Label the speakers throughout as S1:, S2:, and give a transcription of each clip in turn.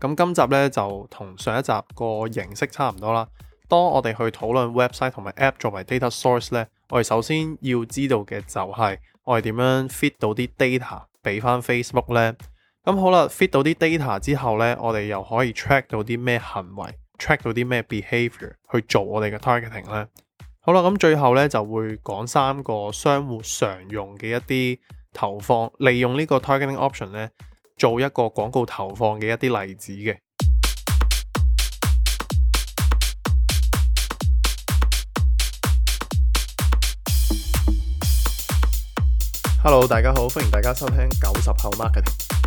S1: 咁今集咧就同上一集個形式差唔多啦。當我哋去討論 website 同埋 app 作為 data source 咧，我哋首先要知道嘅就係我哋點樣 fit 到啲 data 俾翻 Facebook 咧。咁好啦，fit 到啲 data 之後咧，我哋又可以 track 到啲咩行為，track 到啲咩 behavior 去做我哋嘅 targeting 咧。好啦，咁最後咧就會講三個商戶常用嘅一啲投放，利用個呢個 targeting option 咧。做一個廣告投放嘅一啲例子嘅。Hello，大家好，歡迎大家收聽九十後 Marketing。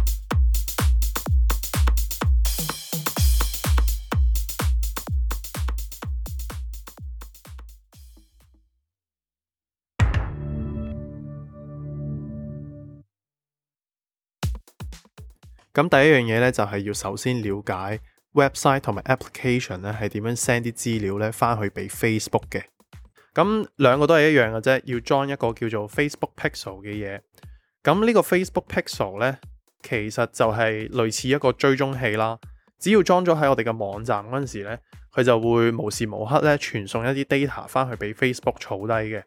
S1: 咁第一樣嘢咧，就係要首先了解 website 同埋 application 咧，係點樣 send 啲資料咧，翻去俾 Facebook 嘅。咁兩個都係一樣嘅啫，要裝一個叫做 Facebook Pixel 嘅嘢。咁呢個 Facebook Pixel 咧，其實就係類似一個追蹤器啦。只要裝咗喺我哋嘅網站嗰陣時咧，佢就會無時無刻咧傳送一啲 data 翻去俾 Facebook 儲低嘅。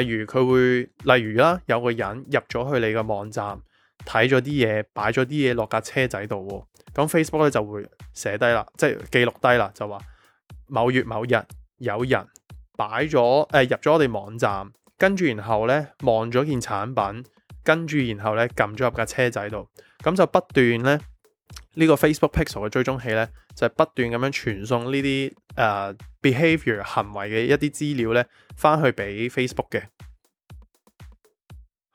S1: 例如佢會，例如啦，有個人入咗去你嘅網站。睇咗啲嘢，擺咗啲嘢落架車仔度，咁 Facebook 咧就會寫低啦，即係記錄低啦，就話某月某日有人擺咗誒、呃、入咗我哋網站，跟住然後咧望咗件產品，跟住然後咧撳咗入架車仔度，咁就不斷咧呢、呢個 Facebook Pixel 嘅追蹤器咧就係、是、不斷咁樣傳送呢啲誒 behavior 行為嘅一啲資料咧返去俾 Facebook 嘅。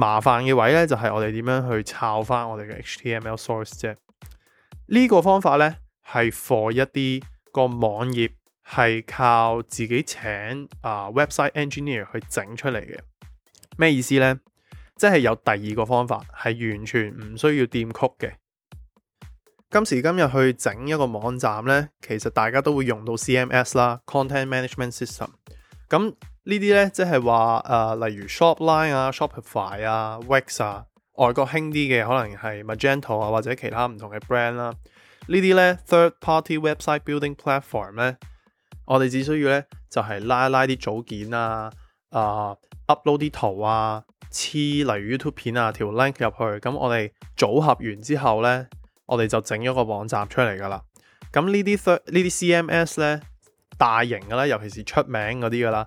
S1: 麻煩嘅位咧，就係我哋點樣去抄返我哋嘅 HTML source 啫。呢個方法呢，係 for 一啲個網頁係靠自己請啊、uh, website engineer 去整出嚟嘅。咩意思呢？即係有第二個方法，係完全唔需要掂 code 嘅。今時今日去整一個網站呢，其實大家都會用到 CMS 啦，content management system。咁呢啲咧，即係話誒，例如 Shopline 啊、Shopify 啊、Wix 啊，外國興啲嘅，可能係 Magento 啊，或者其他唔同嘅 brand 啦、啊。呢啲咧 third party website building platform 咧，我哋只需要咧就係、是、拉一拉啲組件啊，啊、呃、upload 啲圖啊，黐例如 YouTube 片啊條 link 入去，咁我哋組合完之後咧，我哋就整咗個網站出嚟噶啦。咁呢啲呢啲 CMS 咧，大型嘅咧，尤其是出名嗰啲噶啦。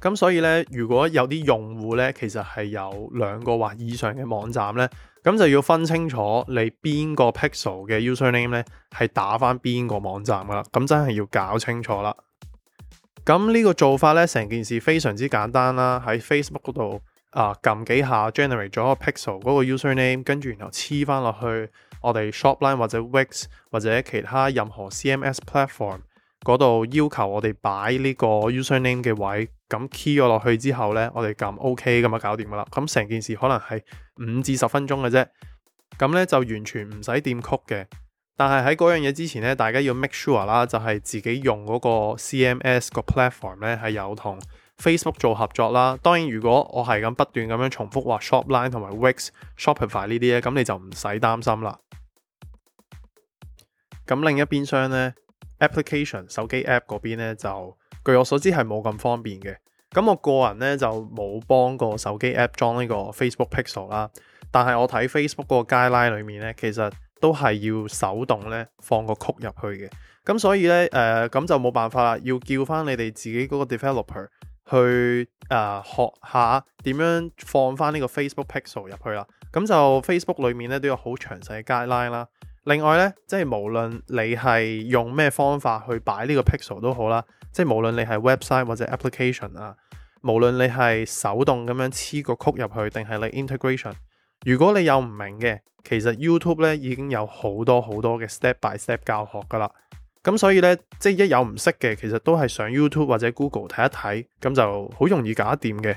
S1: 咁所以咧，如果有啲用戶咧，其實係有兩個或以上嘅網站咧，咁就要分清楚你邊個 Pixel 嘅 username 咧係打翻邊個網站噶啦，咁真係要搞清楚啦。咁呢個做法咧，成件事非常之簡單啦。喺 Facebook 嗰度啊，撳、呃、幾下 generate 咗個 Pixel 嗰個 username，跟住然後黐翻落去我哋 Shopline 或者 Wix 或者其他任何 CMS platform。嗰度要求我哋擺呢個 username 嘅位，咁 key 咗落去之後呢，我哋撳 OK 咁就搞掂噶啦。咁成件事可能係五至十分鐘嘅啫，咁呢就完全唔使掂 code 嘅。但係喺嗰樣嘢之前呢，大家要 make sure 啦，就係、是、自己用嗰個 CMS 個 platform 呢，係有同 Facebook 做合作啦。當然，如果我係咁不斷咁樣重複話 Shopline 同埋 Wix、Shopify 呢啲呢，咁你就唔使擔心啦。咁另一邊廂呢。Application 手機 App 嗰邊咧，就據我所知係冇咁方便嘅。咁我個人咧，就冇幫過手機 App 裝呢個 Facebook Pixel 啦。但係我睇 Facebook 嗰個 guideline 裡面咧，其實都係要手動咧放個 code 入去嘅。咁所以咧，誒，咁就冇辦法啦，要叫翻你哋自己嗰個 developer 去誒、呃、學下點樣放翻呢個 Facebook Pixel 入去啦。咁就 Facebook 裏面咧，都有好詳細嘅 guideline 啦。另外呢，即係無論你係用咩方法去擺呢個 pixel 都好啦，即係無論你係 website 或者 application 啊，無論你係手動咁樣黐個 code 入去，定係你 integration，如果你有唔明嘅，其實 YouTube 咧已經有好多好多嘅 step by step 教學噶啦，咁所以呢，即係一有唔識嘅，其實都係上 YouTube 或者 Google 睇一睇，咁就好容易搞掂嘅。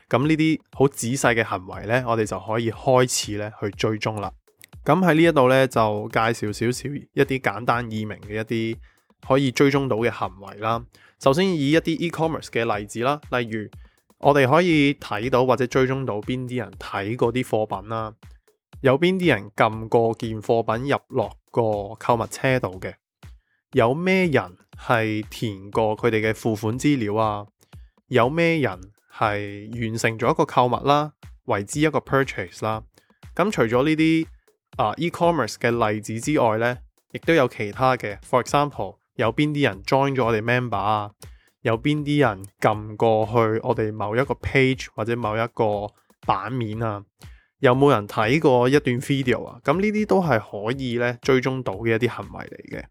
S1: 咁呢啲好仔細嘅行為呢，我哋就可以開始咧去追蹤啦。咁喺呢一度呢，就介紹少少一啲簡單易明嘅一啲可以追蹤到嘅行為啦。首先以一啲 e-commerce 嘅例子啦，例如我哋可以睇到或者追蹤到邊啲人睇過啲貨品啦，有邊啲人撳過件貨品入落個購物車度嘅，有咩人係填過佢哋嘅付款資料啊，有咩人？係完成咗一個購物啦，為之一個 purchase 啦。咁除咗呢啲啊、uh, e-commerce 嘅例子之外呢，亦都有其他嘅。For example，有邊啲人 join 咗我哋 member 啊？有邊啲人撳過去我哋某一個 page 或者某一個版面啊？有冇人睇過一段 video 啊？咁呢啲都係可以呢追蹤到嘅一啲行為嚟嘅。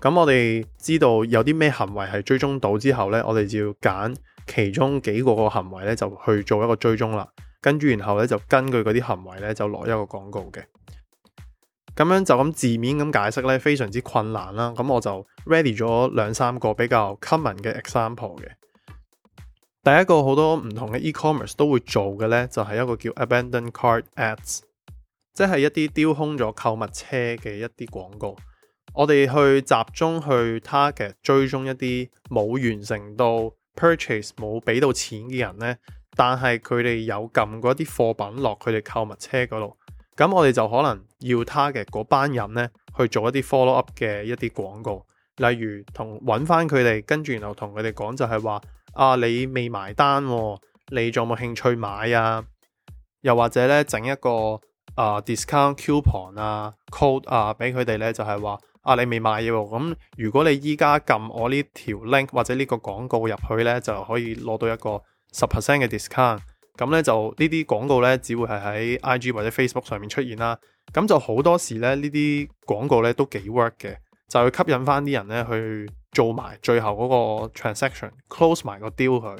S1: 咁我哋知道有啲咩行為係追蹤到之後呢，我哋就要揀。其中幾個個行為咧，就去做一個追蹤啦。跟住然後咧，就根據嗰啲行為咧，就落一個廣告嘅。咁樣就咁字面咁解釋咧，非常之困難啦。咁我就 ready 咗兩三個比較 common 嘅 example 嘅。第一個好多唔同嘅 e-commerce 都會做嘅咧，就係一個叫 abandoned cart ads，即係一啲丟空咗購物車嘅一啲廣告。我哋去集中去 target 追蹤一啲冇完成到 purchase 冇俾到錢嘅人呢，但係佢哋有撳過一啲貨品落佢哋購物車嗰度，咁我哋就可能要 target 嗰班人呢，去做一啲 follow-up 嘅一啲廣告，例如同揾翻佢哋，跟住然後同佢哋講就係話啊，你未埋單，你仲有冇興趣買啊？又或者呢，整一個啊、呃、discount coupon 啊 code 啊俾佢哋呢，就係話。啊！你未買嘢喎，咁如果你依家撳我呢條 link 或者呢個廣告入去呢，就可以攞到一個十 percent 嘅 discount。咁咧就呢啲廣告呢，只會係喺 IG 或者 Facebook 上面出現啦。咁就好多時咧，呢啲廣告呢都幾 work 嘅，就會吸引翻啲人呢去做埋最後嗰個 transaction，close 埋個 deal 佢。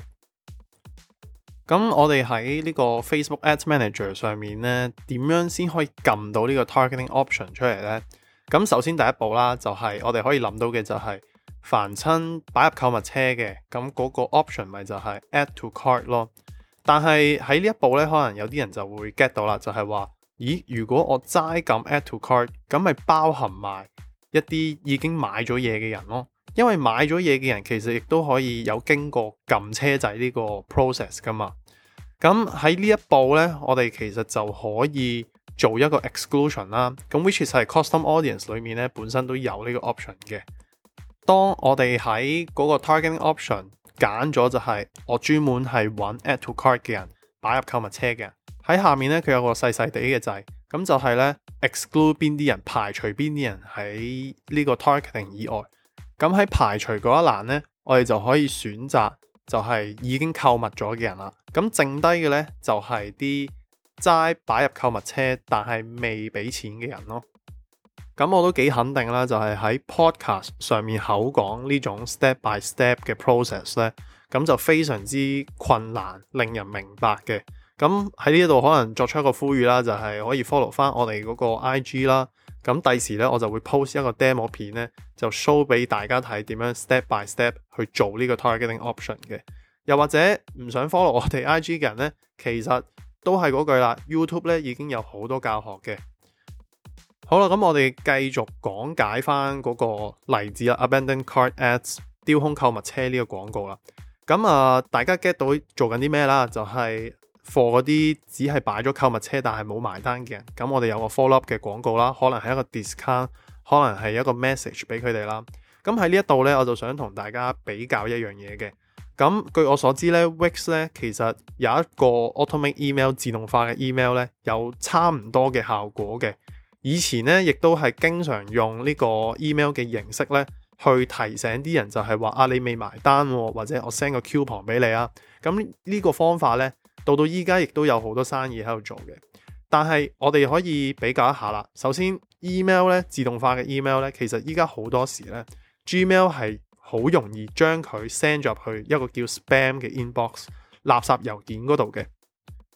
S1: 咁我哋喺呢個 Facebook Ads Manager 上面呢，點樣先可以撳到呢個 targeting option 出嚟呢？咁首先第一步啦，就係我哋可以諗到嘅就係凡親擺入購物車嘅，咁嗰個 option 咪就係 add to cart 咯。但係喺呢一步咧，可能有啲人就會 get 到啦，就係話咦，如果我齋撳 add to cart，咁咪包含埋一啲已經買咗嘢嘅人咯。因為買咗嘢嘅人其實亦都可以有經過撳車仔呢個 process 噶嘛。咁喺呢一步咧，我哋其實就可以。做一個 exclusion 啦，咁 which is 係 custom audience 裏面咧，本身都有呢個 option 嘅。當我哋喺嗰個 targeting option 揀咗，就係我專門係揾 add to cart 嘅人、擺入購物車嘅人，喺下面咧佢有個細細哋嘅掣，咁就係咧 exclude 邊啲人，排除邊啲人喺呢個 targeting 以外。咁喺排除嗰一欄咧，我哋就可以選擇就係已經購物咗嘅人啦。咁剩低嘅咧就係啲。齋擺入購物車但係未俾錢嘅人咯，咁我都幾肯定啦，就係喺 podcast 上面口講呢種 step by step 嘅 process 咧，咁就非常之困難，令人明白嘅。咁喺呢度可能作出一個呼籲啦，就係可以 follow 翻我哋嗰個 IG 啦。咁第時咧，我就會 post 一個 demo 片咧，就 show 俾大家睇點樣 step by step 去做呢個 targeting option 嘅。又或者唔想 follow 我哋 IG 嘅人咧，其實。都係嗰句啦，YouTube 咧已經有好多教學嘅。好啦，咁我哋繼續講解翻嗰個例子啦，Abandoned Cart Ads，丟空購物車呢個廣告啦。咁啊、呃，大家 get 到做緊啲咩啦？就係、是、for 嗰啲只係擺咗購物車但係冇埋單嘅人。咁我哋有個 follow-up 嘅廣告啦，可能係一個 discount，可能係一個 message 俾佢哋啦。咁喺呢一度呢，我就想同大家比較一樣嘢嘅。咁據我所知咧 Wix 咧其實有一個 automatic email 自動化嘅 email 咧，有差唔多嘅效果嘅。以前咧，亦都係經常用呢個 email 嘅形式咧，去提醒啲人就係話啊，你未埋單喎、哦，或者我 send 個 coupon 俾你啊。咁呢個方法咧，到到依家亦都有好多生意喺度做嘅。但係我哋可以比較一下啦。首先 email 咧，自動化嘅 email 咧，其實依家好多時咧，Gmail 係，好容易將佢 send 咗去一個叫 spam 嘅 inbox 垃圾郵件嗰度嘅。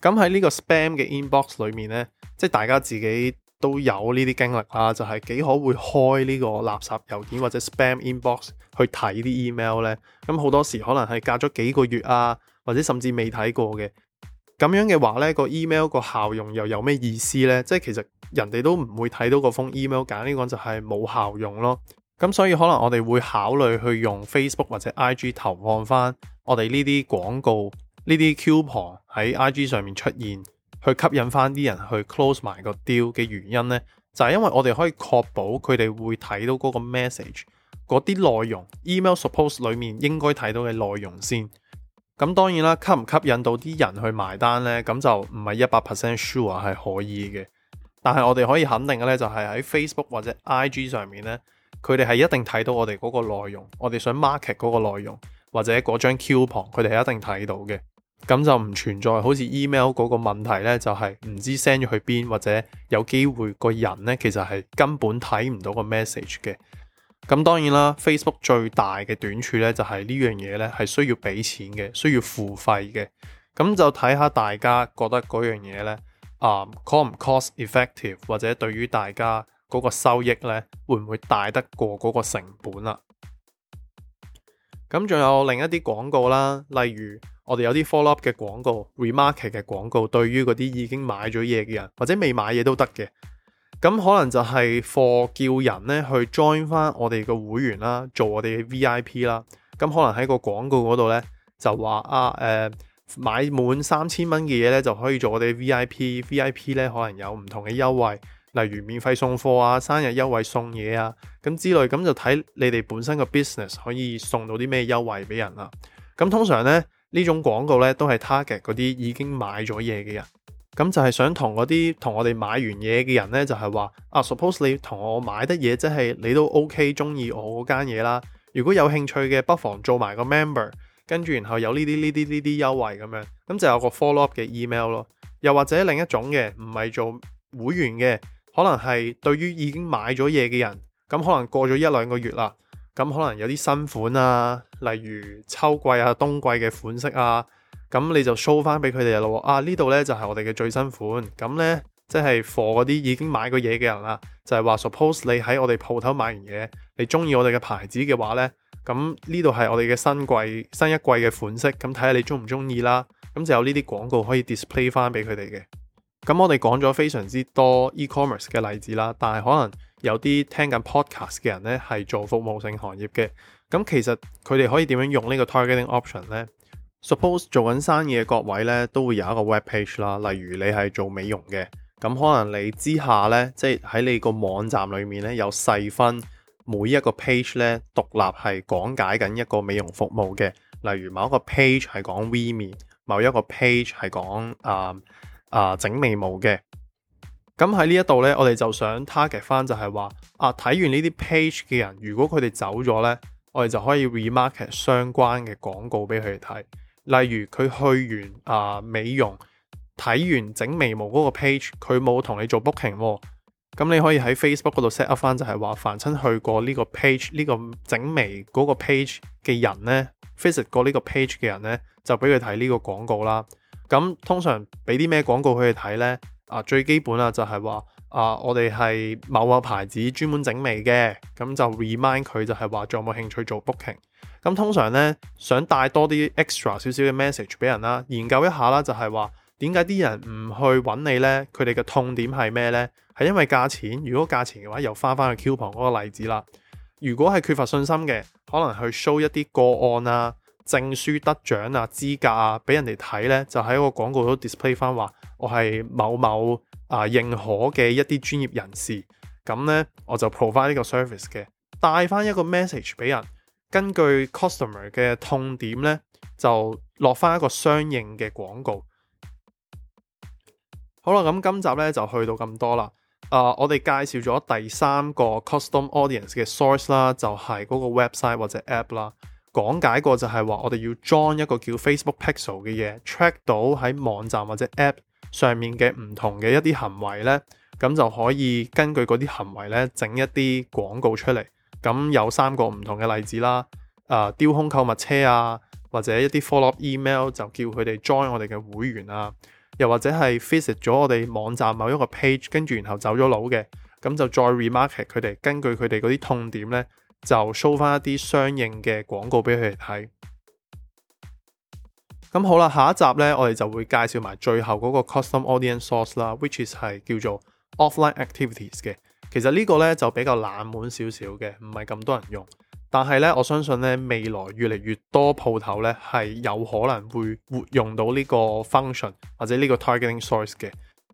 S1: 咁喺呢個 spam 嘅 inbox 裏面呢，即係大家自己都有呢啲經歷啦、啊，就係、是、幾可會開呢個垃圾郵件或者 spam inbox 去睇啲 email 呢？咁好多時可能係隔咗幾個月啊，或者甚至未睇過嘅。咁樣嘅話呢，個 email 個效用又有咩意思呢？即係其實人哋都唔會睇到嗰封 email，簡言講就係冇效用咯。咁所以可能我哋會考慮去用 Facebook 或者 IG 投放翻我哋呢啲廣告，呢啲 coupon 喺 IG 上面出現，去吸引翻啲人去 close 埋個 deal 嘅原因呢，就係因為我哋可以確保佢哋會睇到嗰個 message 嗰啲內容，email suppose 裏面應該睇到嘅內容先。咁當然啦，吸唔吸引到啲人去埋單呢，咁就唔係一百 percent sure 係可以嘅。但係我哋可以肯定嘅呢，就係喺 Facebook 或者 IG 上面呢。佢哋係一定睇到我哋嗰個內容，我哋想 market 嗰個內容或者嗰張 coupon，佢哋係一定睇到嘅。咁就唔存在好似 email 嗰個問題咧，就係唔知 send 咗去邊或者有機會個人呢，其實係根本睇唔到個 message 嘅。咁當然啦，Facebook 最大嘅短處呢，就係呢樣嘢呢係需要俾錢嘅，需要付費嘅。咁就睇下大家覺得嗰樣嘢咧，啊 cost 唔 cost effective 或者對於大家。嗰個收益咧，會唔會大得過嗰個成本啦？咁仲有另一啲廣告啦，例如我哋有啲 follow up 嘅廣告、remarket 嘅廣告，對於嗰啲已經買咗嘢嘅人，或者未買嘢都得嘅，咁可能就係貨叫人咧去 join 翻我哋個會員啦，做我哋嘅 VIP 啦。咁可能喺個廣告嗰度咧，就話啊，誒、呃、買滿三千蚊嘅嘢咧，就可以做我哋 VIP，VIP 咧可能有唔同嘅優惠。例如免費送貨啊、生日優惠送嘢啊，咁之類，咁就睇你哋本身個 business 可以送到啲咩優惠俾人啦。咁通常呢，呢種廣告呢都係 target 嗰啲已經買咗嘢嘅人，咁就係想同嗰啲同我哋買完嘢嘅人呢，就係話啊，supposedly 同我買得嘢，即係你都 OK 中意我嗰間嘢啦。如果有興趣嘅不妨做埋個 member，跟住然後有呢啲呢啲呢啲優惠咁樣，咁就有個 follow up 嘅 email 咯。又或者另一種嘅唔係做會員嘅。可能係對於已經買咗嘢嘅人，咁可能過咗一兩個月啦，咁可能有啲新款啊，例如秋季啊、冬季嘅款式啊，咁你就 show 翻俾佢哋咯。啊，呢度呢就係我哋嘅最新款，咁呢，即係 for 嗰啲已經買過嘢嘅人啦，就係話 suppose 你喺我哋鋪頭買完嘢，你中意我哋嘅牌子嘅話呢，咁呢度係我哋嘅新季新一季嘅款式，咁睇下你中唔中意啦，咁就有呢啲廣告可以 display 翻俾佢哋嘅。咁我哋講咗非常之多 e-commerce 嘅例子啦，但係可能有啲聽緊 podcast 嘅人呢係做服務性行業嘅，咁其實佢哋可以點樣用呢個 targeting option 呢？Suppose 做緊生意嘅各位呢都會有一個 web page 啦，例如你係做美容嘅，咁可能你之下呢，即係喺你個網站裏面呢，有細分每一個 page 呢獨立係講解緊一個美容服務嘅，例如某一個 page 係講微面某一個 page 係講啊。Um, 啊，整眉毛嘅，咁喺呢一度呢，我哋就想 target 翻，就係話啊，睇完呢啲 page 嘅人，如果佢哋走咗呢，我哋就可以 remarket 相關嘅廣告俾佢哋睇。例如佢去完啊美容睇完整眉毛嗰個 page，佢冇同你做 booking，咁、哦、你可以喺 Facebook 度 set up 翻，就係話凡親去過呢個 page 呢個整眉嗰個 page 嘅人咧，visit 過呢個 page 嘅人呢，就俾佢睇呢個廣告啦。咁通常俾啲咩廣告佢哋睇呢？啊，最基本啊就係話啊，我哋係某個牌子專門整眉嘅，咁就 remind 佢就係話仲有冇興趣做 booking。咁通常呢，想帶多啲 extra 少少嘅 message 俾人啦，研究一下啦，就係話點解啲人唔去揾你呢？佢哋嘅痛點係咩呢？係因為價錢。如果價錢嘅話，又翻翻去 coupon 嗰個例子啦。如果係缺乏信心嘅，可能去 show 一啲個案啊。證書得獎啊、資格啊，俾人哋睇咧，就喺個廣告度 display 翻，話我係某某啊、呃、認可嘅一啲專業人士，咁咧我就 provide 呢個 service 嘅，帶翻一個 message 俾人，根據 customer 嘅痛點咧，就落翻一個相應嘅廣告。好啦，咁今集咧就去到咁多啦。啊、呃，我哋介紹咗第三個 custom audience 嘅 source 啦，就係、是、嗰個 website 或者 app 啦。講解過就係話，我哋要 join 一個叫 Facebook Pixel 嘅嘢，track 到喺網站或者 app 上面嘅唔同嘅一啲行為呢，咁就可以根據嗰啲行為呢，整一啲廣告出嚟。咁有三個唔同嘅例子啦，誒、呃，丟空購物車啊，或者一啲 follow up email 就叫佢哋 join 我哋嘅會員啊，又或者係 visit 咗我哋網站某一個 page，跟住然後走咗佬嘅，咁就再 remarket 佢哋，根據佢哋嗰啲痛點呢，就 show 翻一啲相應嘅廣告俾佢哋睇。咁好啦，下一集呢，我哋就會介紹埋最後嗰個 custom audience source 啦，which is 係叫做 offline activities 嘅。其實呢個呢，就比較冷門少少嘅，唔係咁多人用。但係呢，我相信呢，未來越嚟越多鋪頭呢，係有可能會活用到呢個 function 或者呢個 targeting source 嘅。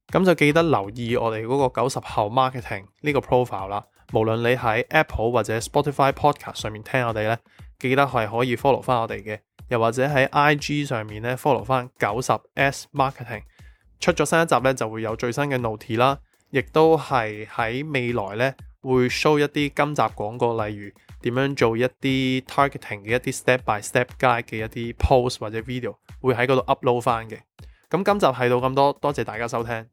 S1: 咁就記得留意我哋嗰個九十後 marketing 呢個 profile 啦。無論你喺 Apple 或者 Spotify Podcast 上面聽我哋咧，記得係可以 follow 翻我哋嘅，又或者喺 IG 上面咧 follow 翻 90S Marketing。出咗新一集咧，就會有最新嘅 Note 啦，亦都係喺未來咧會 show 一啲今集廣告，例如點樣做一啲 targeting 嘅一啲 step by step guide 嘅一啲 post 或者 video，會喺嗰度 upload 翻嘅。咁今集係到咁多，多謝大家收聽。